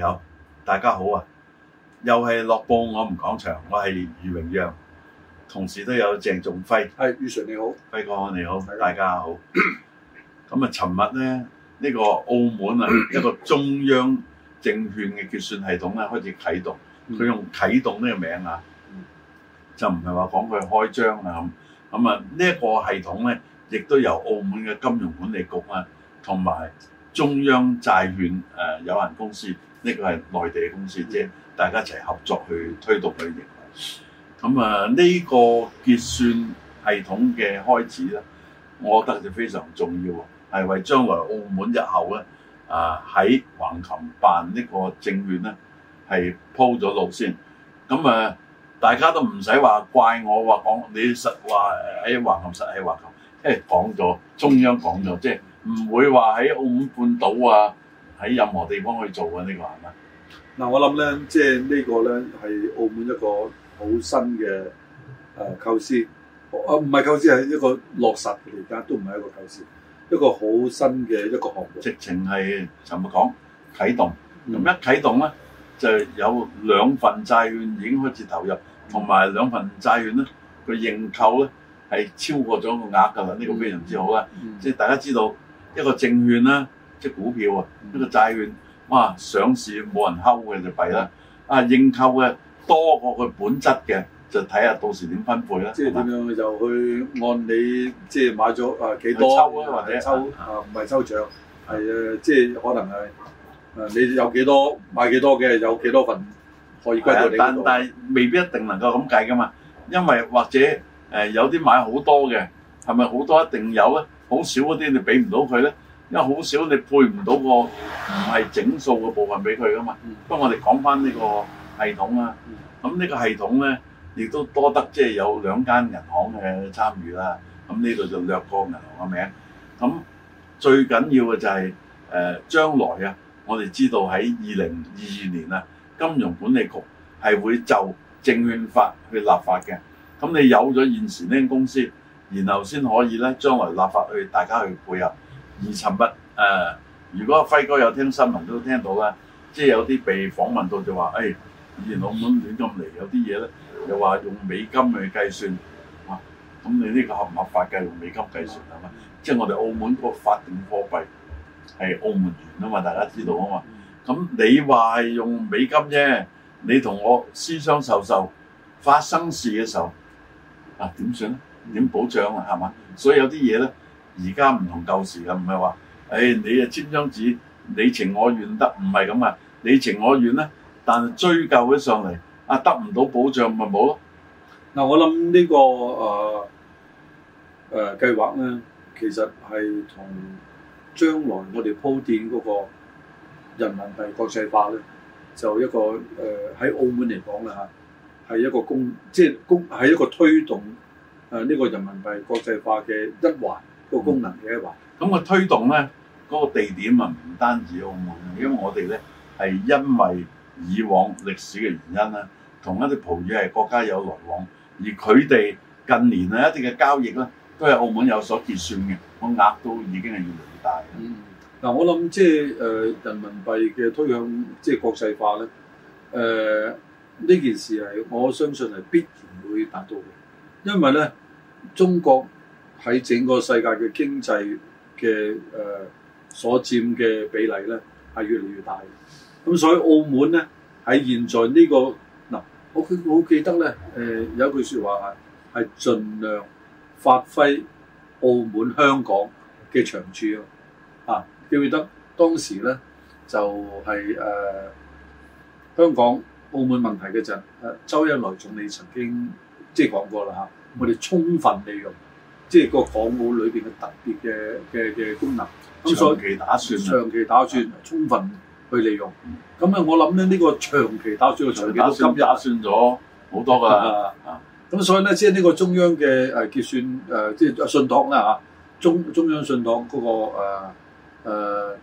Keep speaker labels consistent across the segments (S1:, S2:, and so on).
S1: 有大家好啊！又係樂報，我哋講場，我係余榮陽，同時都有鄭仲輝。係，余 Sir 你好，輝哥你好，的大家好。咁啊，尋日咧呢、呢個澳門啊一個中央證券嘅結算系統咧開始啟動，佢、嗯、用啟動呢個名啊，嗯、就唔係話講佢開張啊。咁啊，呢一個系統咧，亦都由澳門嘅金融管理局啊，同埋中央債券誒、呃、有限公司。呢個係內地嘅公司，即係大家一齊合作去推動佢嘅業務。咁啊，呢個結算系統嘅開始咧，我覺得就非常重要啊。係為將來澳門日後咧啊喺橫琴辦呢個證券咧係鋪咗路先。咁啊，大家都唔使話怪我話講，你實話喺橫琴實喺橫琴，即誒講咗中央講咗，即係唔會話喺澳門半島啊。喺任何地方去做啊！呢個係咪？嗱，我諗咧，即係呢
S2: 個咧係澳門一個好新嘅誒構思。啊，唔係構思，係一個落實而家都唔係一個構思，一個好新嘅一個項目。直
S1: 情係尋日講啟動，咁、嗯、一啟動咧，就有兩份債券已經開始投入，同埋兩份債券咧佢認購咧係超過咗、這個額㗎啦。呢個非常之好啊！即、嗯、係大家知道一個證券咧。即係股票啊，呢個債券，哇！上市冇人吼嘅就弊啦。啊，認購嘅多過佢本質嘅，就睇下到時點分配啦。即係點樣就去按你即係買咗啊幾多？抽啊，或者抽
S2: 啊，唔係抽獎。係啊，即係可能係啊，你有幾多買幾多嘅，有幾多份可
S1: 以歸到你嗰度？但但未必一定能夠咁計噶嘛，因為或者誒有啲買好多嘅，係咪好多一定有咧？好少嗰啲你俾唔到佢咧？因為好少你配唔到個唔係整數嘅部分俾佢㗎嘛。不過、嗯、我哋講返呢個系統啦，咁呢、嗯、個系統咧亦都多得即係有兩間銀行嘅參與啦。咁呢度就略過銀行嘅名。咁最緊要嘅就係誒將來啊，我哋知道喺二零二二年啊，金融管理局係會就證券法去立法嘅。咁你有咗現時呢間公司，然後先可以咧將來立法去大家去配合。而尋日誒、呃，如果輝哥有聽新聞都聽到啦，即係有啲被訪問到就話，誒以前澳門亂咁嚟，有啲嘢咧，又話用美金去計算，哇、啊！咁你呢個合唔合法計？計用美金計算啊嘛？即係我哋澳門個法定貨幣係澳門元啊嘛，大家知道啊嘛。咁你話係用美金啫，你同我私相授受發生事嘅時候，啊點算咧？點保障啊？係嘛？所以有啲嘢咧。而家唔同舊時啦，唔係話，誒、哎、你誒簽張紙，你情我願得，唔係咁啊！你情我願咧，但係追究咗上嚟，啊得唔到保障咪冇咯？嗱、呃，我諗呢、呢個誒誒、
S2: 呃呃、計劃咧，其實係同將來我哋鋪墊嗰個人民幣國際化咧，就一個誒喺、呃、澳門嚟講啦嚇，係一個公，即係公係一個推動誒呢個人民
S1: 幣國際化嘅一環。個功能嘅話，咁個、嗯、推動咧，嗰、那個地點啊，唔單止澳門，因為我哋咧係因為以往歷史嘅原因啦，同一啲葡語系國家有來往，而佢哋近年啊一定嘅交易咧，都係澳門有所結算嘅，個額都已經係越來越大。嗯，嗱、就是，我
S2: 諗即係誒人民幣嘅推向即係、就是、國際化咧，誒、呃、呢件事係我相信係必然會達到嘅，因為咧中國。喺整個世界嘅經濟嘅誒所佔嘅比例咧，係越嚟越大。咁所以澳門咧喺現在呢、這個嗱，我我好記得咧誒、呃、有一句說話係係盡量發揮澳門香港嘅長處啊！嚇記唔記得當時咧就係、是、誒、呃、香港澳門問題嘅陣，周恩來總理曾經即係講過啦嚇、啊，我哋充分利用。即係個港澳裏邊嘅特別嘅嘅嘅功能，長期打算，長期打算，充分去利用。咁啊，我諗咧呢個長期打算嘅長期打算，咁也算咗好多㗎啊！咁所以咧，即係呢個中央嘅誒結算誒，即係信託啦嚇，中中央信託嗰個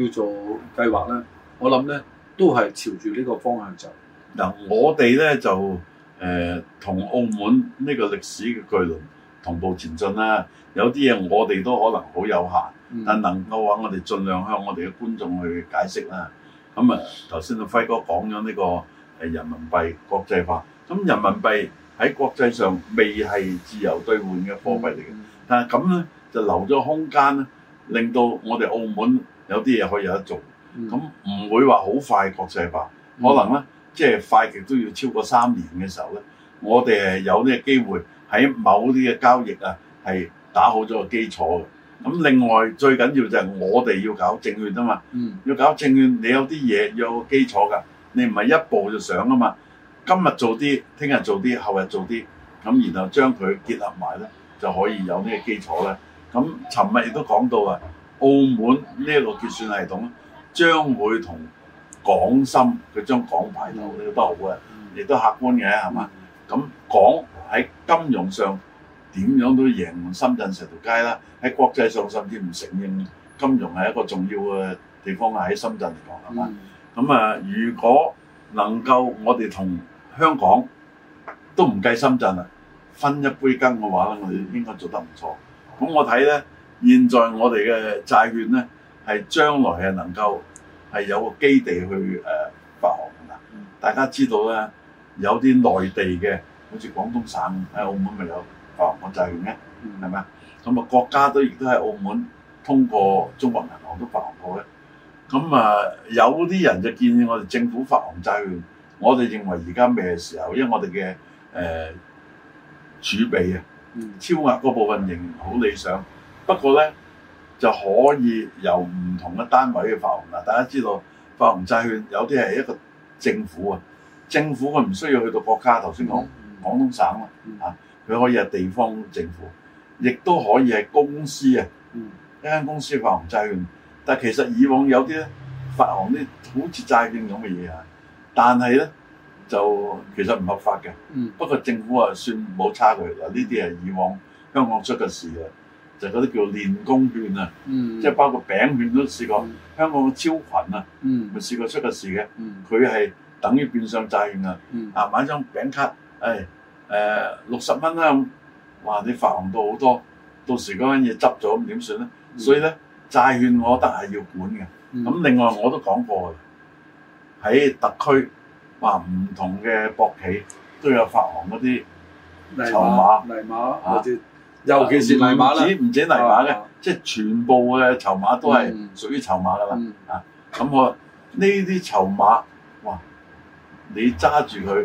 S2: 誒叫做計劃咧，我諗咧都係朝住呢個方向走。
S1: 嗱，我哋咧就誒同澳門呢個歷史嘅巨輪，同步前進啦，有啲嘢我哋都可能好有限，但能夠話我哋盡量向我哋嘅觀眾去解釋啦。咁啊，頭先阿輝哥講咗呢個係人民幣國際化。咁人民幣喺國際上未係自由兌換嘅貨幣嚟嘅，嗯、但係咁咧就留咗空間咧，令到我哋澳門有啲嘢可以有得做。咁唔、嗯、會話好快國際化，嗯、可能咧即係快極都要超過三年嘅時候咧，我哋係有呢個機會。喺某啲嘅交易啊，係打好咗個基礎嘅。咁另外最緊要就係我哋要搞證券啊嘛，嗯，要搞證券你有啲嘢要有個基礎㗎，你唔係一步就上啊嘛。今日做啲，聽日做啲，後日做啲，咁然後將佢結合埋咧，就可以有呢個基礎啦。咁尋日亦都講到啊，澳門呢一個結算系統將會同港深佢將港牌頭呢都好嘅，亦都客觀嘅係嘛。咁港喺金融上點樣都贏深圳成條街啦！喺國際上甚至唔承認金融係一個重要嘅地方喺深圳嚟講係嘛？咁啊、嗯，如果能夠我哋同香港都唔計深圳啊，分一杯羹嘅話咧，我哋應該做得唔錯。咁我睇咧，現在我哋嘅債券咧係將來係能夠係有個基地去誒發行㗎喇。嗯、大家知道咧，有啲內地嘅。好似廣東省喺澳門咪有發行國債券嘅，係咪啊？咁、嗯、啊、嗯嗯嗯，國家都亦都喺澳門通過中國銀行都發行過嘅。咁、嗯、啊、嗯，有啲人就建議我哋政府發行債券。我哋認為而家咩時候？因為我哋嘅誒儲備啊，嗯、超額嗰部分仍好理想。不過咧，就可以由唔同嘅單位去發行嗱。大家知道發行債券有啲係一個政府啊，政府佢唔需要去到國家頭先講。廣東省啦，嚇、啊、佢可以係地方政府，亦都可以係公司啊。嗯、一間公司發行債券，但係其實以往有啲咧發行啲好似債券咁嘅嘢啊，但係咧就其實唔合法嘅。嗯，不過政府啊算冇差佢嗱，呢啲係以往香港出嘅事啊，就嗰啲叫練功券啊，嗯，即係包括餅券都試過香港嘅超群啊，嗯，咪試過出嘅事嘅，佢係等於變相債券啊，啊買張餅卡，誒誒六十蚊啦咁，哇！你發行到好多，到時嗰樣嘢執咗咁點算咧？所以咧債券我覺得係要管嘅。咁另外我都講過喺特區，哇！唔同嘅博企都有發行嗰啲籌碼，啲，尤其是泥碼啦，唔止唔止泥碼，即係全部嘅籌碼都係屬於籌碼噶啦。啊，咁我呢啲籌碼，哇！你揸住佢。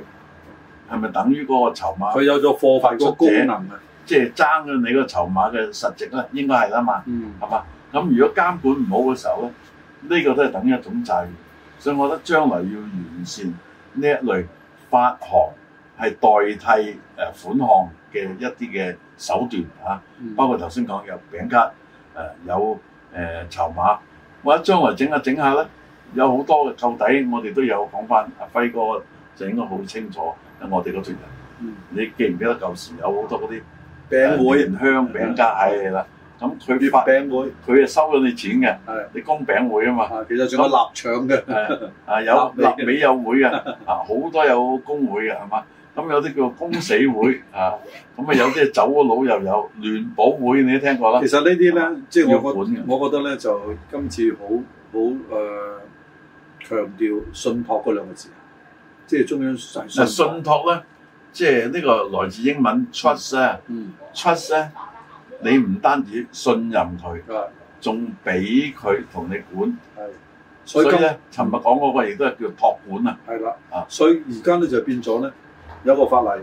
S1: 係咪等於嗰個籌碼？佢有咗貨幣嗰個功能啊，即係爭緊你個籌碼嘅實值啦，應該係啦嘛，係嘛、嗯？咁如果監管唔好嘅時候咧，呢、這個都係等於一種債，所以我覺得將來要完善呢一類發行係代替誒、呃、款項嘅一啲嘅手段嚇、啊，包括頭先講嘅餅咭誒、呃，有誒籌碼，我覺得將來整下整下咧，有好多嘅扣底，我哋都有講翻阿輝哥。輝就應該好清楚，我哋嗰團人。你記唔記得舊時有好多嗰啲餅會、香餅街係啦。咁佢啲餅會，佢係收咗你錢嘅，你供餅會啊嘛。其實仲有臘腸嘅，啊有臘尾有會嘅，啊好多有工會嘅係嘛？咁有啲叫公死會啊，咁啊有啲走個佬又有聯保會，你都聽過啦。其實呢啲咧，即係我覺得咧，就今次好好
S2: 誒強調信託嗰兩個字。即係中央信，誒信
S1: 託咧，即係呢個來自英文 trust 啊，trust 咧，你唔單止信任佢，仲俾佢同你管，係，所以咧，尋日講嗰個亦都係叫託管啊，係啦，啊，所以而家咧就變咗
S2: 咧，有個法例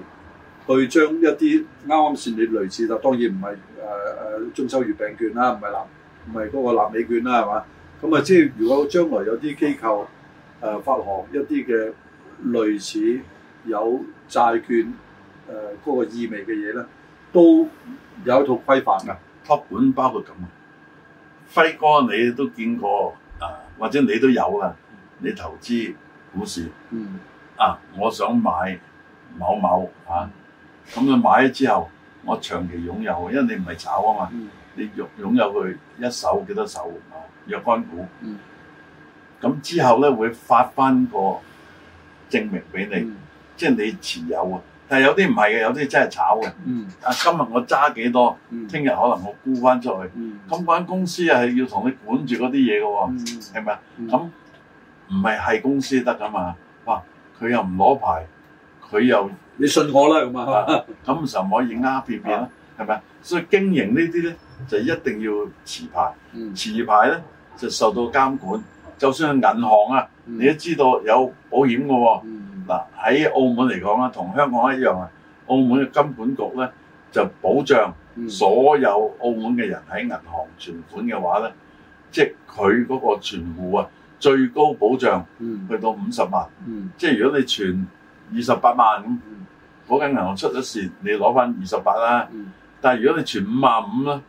S2: 去將一啲啱啱似你類似，就當然唔係誒誒中秋月餅券啦，唔係南唔係嗰個納美券啦，係嘛？咁啊，即係如果將來有啲機構誒、呃、發行一啲嘅。類似有債券誒嗰、呃那個意味嘅嘢咧，都有一套規
S1: 範嘅託管，本包括咁。輝哥你都見過啊，或者你都有㗎，你投資股市，嗯、啊，我想買某某嚇，咁、啊、佢買咗之後，我長期擁有，因為你唔係炒啊嘛，嗯、你擁擁有佢一手幾多手、啊、若干股，咁、嗯、之後咧會發返個。證明俾你，嗯、即係你持有啊！但係有啲唔係嘅，有啲真係炒嘅。嗯，啊，今日我揸幾多，聽日可能我沽翻出去。咁嗰間公司又係要同你管住嗰啲嘢嘅喎，係咪啊？咁唔係係公司得㗎嘛？哇！佢又唔攞牌，佢又你信我啦咁啊？咁就唔可以呃騙騙啦，係咪啊？所以經營呢啲咧就一定要持牌，持牌咧就受到監管。就算係銀行啊，嗯、你都知道有保險嘅喎、哦。嗱喺、嗯啊、澳門嚟講啦，同香港一樣啊。澳門嘅金管局咧就保障所有澳門嘅人喺銀行存款嘅話咧，嗯、即係佢嗰個存戶啊，最高保障去到五十萬。嗯嗯、即係如果你存二十八萬咁，嗰、那、間、個、銀行出咗事，你攞翻二十八啦。嗯、但係如果你存五萬五咧，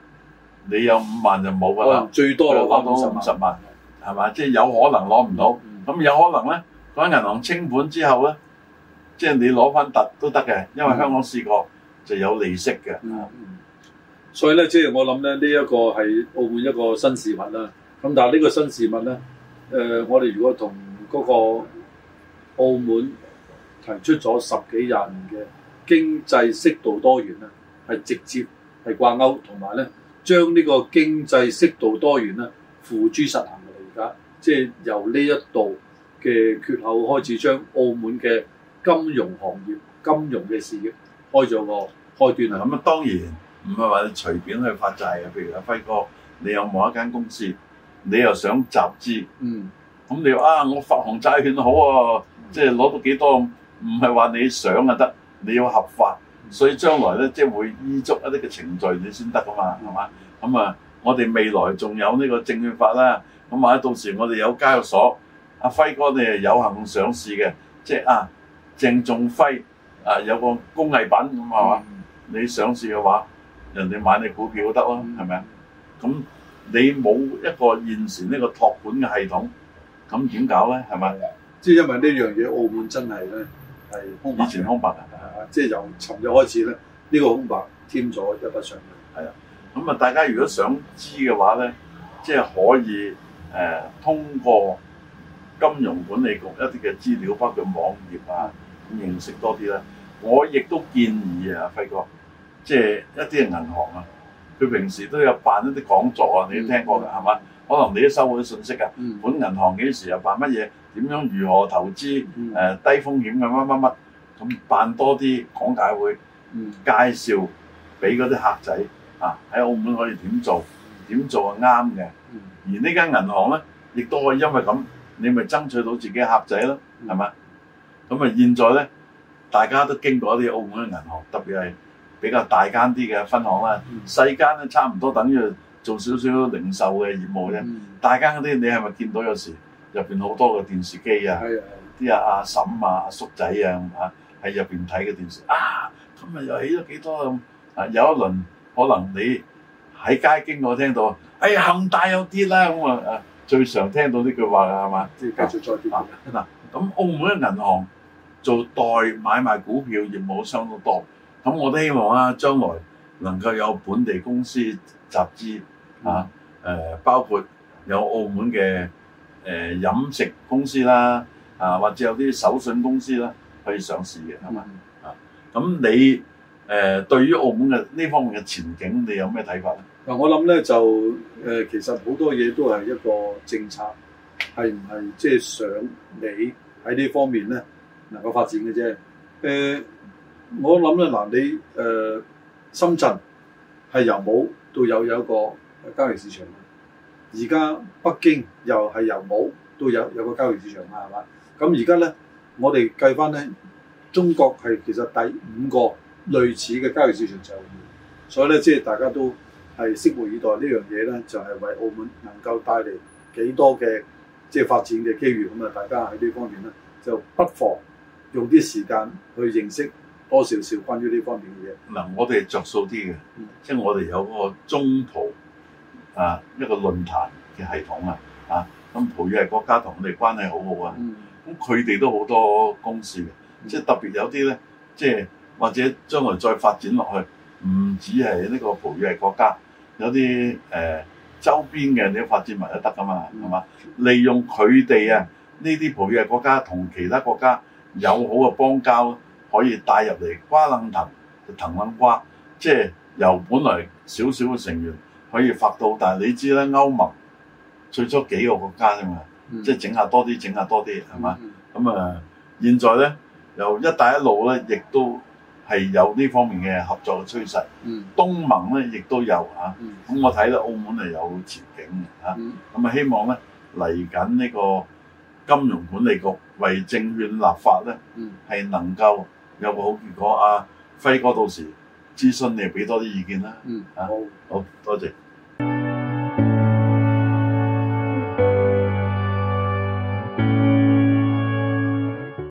S1: 你有五萬就冇㗎啦。最多就攞到五十萬。係嘛？即係有可能攞唔到，咁、嗯、有可能咧，嗰銀行清盤之後咧，嗯、即係你攞翻突都得嘅，因為香港試過、嗯、就有利息嘅、嗯嗯。
S2: 所以咧，即、就、係、是、我諗咧，呢、這、一個係澳門一個新事物啦。咁但係呢個新事物咧，誒、呃，我哋如果同嗰個澳門提出咗十幾廿年嘅經濟適度多元啊，係直接係掛鈎，同埋咧將呢將個經濟適度多元咧付諸實行。即係由呢一度嘅缺口開始，將澳門嘅金融
S1: 行業、金融嘅事業開咗個開端啊！咁啊，當然唔係話你隨便去發債嘅，譬如阿輝哥，你有某一間公司，你又想集資，嗯，咁你話啊我發行債券好啊，即係攞到幾多，唔係話你想就得，你要合法。所以將來咧，即係會依足一啲嘅程序，你先得㗎嘛，係嘛？咁啊，我哋未來仲有呢個證券法啦。咁啊，到時我哋有交易所，阿、啊、輝哥你係有幸上市嘅，即係啊，鄭仲輝啊，有個工藝品咁係嘛？你上市嘅話，人哋買你股票都得咯，係咪啊？咁你冇一個現時呢個託管嘅系統，咁點搞咧？係咪？即係因為呢樣嘢，澳門真係咧係以前空白啊。啊！即係由尋日開始咧，呢個空白添咗一筆上去，係啊。咁啊，大家如果想知嘅話咧，即係可以誒通過金融管理局一啲嘅資料，包括網頁啊，認識多啲啦。我亦都建議啊，輝哥，即係一啲嘅銀行啊，佢平時都有辦一啲講座啊，你都聽過㗎，係嘛？嗯、可能你都收到啲信息啊。嗯、本銀行幾時又辦乜嘢？點樣如何投資？誒、嗯呃，低風險嘅乜乜乜。咁辦多啲講解會，嗯，介紹俾嗰啲客仔，啊，喺澳門可以點做？點做係啱嘅。而呢間銀行咧，亦都可以因為咁，你咪爭取到自己客仔咯，係嘛？咁啊、嗯，現在咧，大家都經過一啲澳門嘅銀行，特別係比較大間啲嘅分行啦，細、嗯、間咧差唔多等於做少少零售嘅業務啫。嗯、大間嗰啲，你係咪見到有時入邊好多個電視機的啊？啲阿阿嬸啊、阿叔仔啊，啊～喺入邊睇嘅電視啊，今日又起咗幾多咁啊！有一輪可能你喺街經過聽到，哎恒大又跌啦咁啊！最常聽到呢句話啦，係嘛？繼續再跌啊！嗱、啊，咁、啊啊、澳門嘅銀行做代買賣股票業務相當多，咁我都希望啊，將來能夠有本地公司集資啊，誒、嗯啊、包括有澳門嘅誒、啊、飲食公司啦，啊或者有啲手信公司啦。啊可以上市嘅，係嘛、嗯、啊？咁你誒、呃、對於澳門嘅呢方面嘅前景，你有咩睇法咧？嗱，我諗咧就誒、呃，其實好多嘢都係一個政策，
S2: 係唔係即係想你喺呢方面咧能夠發展嘅啫。誒、呃，我諗咧嗱，你、呃、誒深圳係由冇到有有一個交易市場，而家北京又係由冇到有有個交易市場啦，係嘛？咁而家咧。我哋計翻咧，中國係其實第五個類似嘅交易市場就，所以咧即係大家都係拭目以待呢樣嘢咧，就係為澳門能夠帶嚟幾多嘅即係發展嘅機遇咁啊！大家喺呢方面咧，就不妨用啲時間去
S1: 認識多少少關於呢方面嘅嘢。嗱、嗯，我哋着數啲嘅，嗯、即係我哋有嗰個中葡啊一個論壇嘅系統啊，啊咁葡語國家同我哋關係好好啊。嗯咁佢哋都好多公司嘅，即係特別有啲咧，即係或者將來再發展落去，唔止係呢個葡語系國家，有啲誒、呃、周邊嘅你發展埋都得噶嘛，係嘛？嗯、利用佢哋啊，呢啲葡語系國家同其他國家友好嘅邦交，可以帶入嚟，瓜楞藤就藤楞瓜，即係由本來少少嘅成員可以發到大。但係你知咧，歐盟最初幾個國家啫嘛？即係整下多啲，整下多啲，係嘛？咁啊，現在咧，由一帶一路咧，亦都係有呢方面嘅合作嘅趨勢。東盟咧，亦都有啊。咁我睇咧，澳門係有前景嘅。咁啊，希望咧嚟緊呢個金融管理局為證券立法咧，係能夠有個好結果。啊。輝哥到時諮詢你，俾多啲意見啦。嗯，好，多謝。